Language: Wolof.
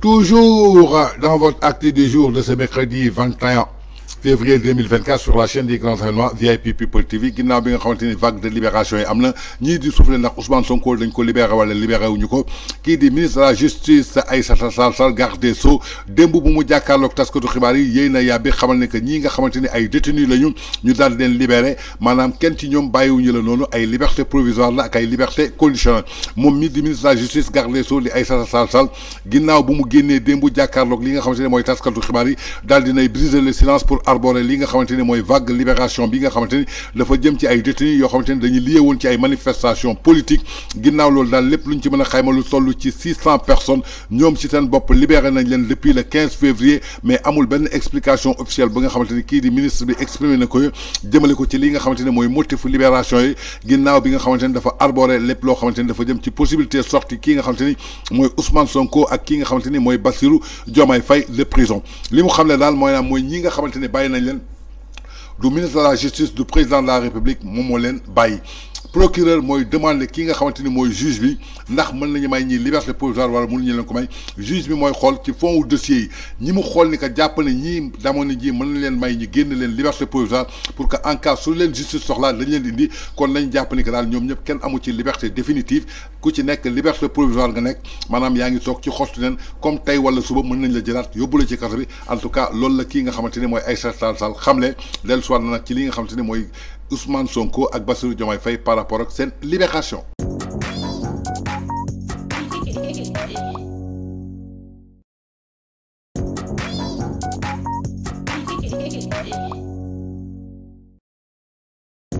Toujours dans votre acte du jour de ce mercredi 21 février 2024 sur la chaîne des grands événements VIP People TV qui bi nga xamante une vague de libération yi am na ñii di soufflé ndax Ousmane Sonko dañ ko libéré wala libéré wuñu ko kii di ministre de la justice Aïssata Tall Sall garde des Sceaux dembou bu mu jàkkaarloog taskatu xibaar yi yéy na xamal ne que ñii nga xamante ni ay détenus lañu ñu daal di leen libéré maanaam kenn ci ñoom bàyyiwuñu la ay liberté provisoire la ak ay liberté conditionnelle mon mi di ministre de la justice garde des Sceaux di Aïssata Tall Sall ginnaaw bu mu génnee démb jàkkaarloog li nga taskatu briser le silence pour arboré li nga xamanteni moy vague libération bi nga xamanteni dafa jëm ci ay détenus yo xamanteni ni dañuy lié woon ci ay manifestation politique ginnaw lool daal les luñ ci mëna le xayma lu tollu ci 600 personnes ñom ci seen bop libéré nañ leen depuis le 15 février mais amul benn explication officielle bonheur nga xamanteni ki di ministre bi exprimé na ko jëmele ko ci li nga xamanteni moy motif libération yi ginnaw bi nga xamanteni dafa arboré lepp lo xamanteni dafa jëm ci possibilité sortie qui nga xamanteni moy Ousmane Sonko ak ki nga xamanteni moy Bassirou Diomaye Faye le prison limu de prison les daal moy ñi nga xamanteni du ministre de la justice du président de la république momolene Baye procureur moy demande ki nga xamanteni moy juge bi ndax mën nañu may ñii liberté provisoire wala ñu leen ko may juge bi moy xol ci fond wu dossier yi ñi mu xol ni que jàpp ne ñii damoon ji mën na leen may ñu genn leen liberté provisoire pour que en cas su leen justice soxlaa dañ leen indi kon nañ japp ni que dal ñom ñep kenn amu ci liberté définitive ku ci nekk liberté provisoire nga nekk manam yaa ngi toog ci xostu leen comme tay wala suba mën nañ la jëlat yóbbu la ci carte bi en tout cas lool la ki nga xamanteni moy mooy Aïssata Tall xamle del si nak ci li nga xamanteni moy Ousmane Sonko et Bassirou Diomaye Faye par rapport à sa libération.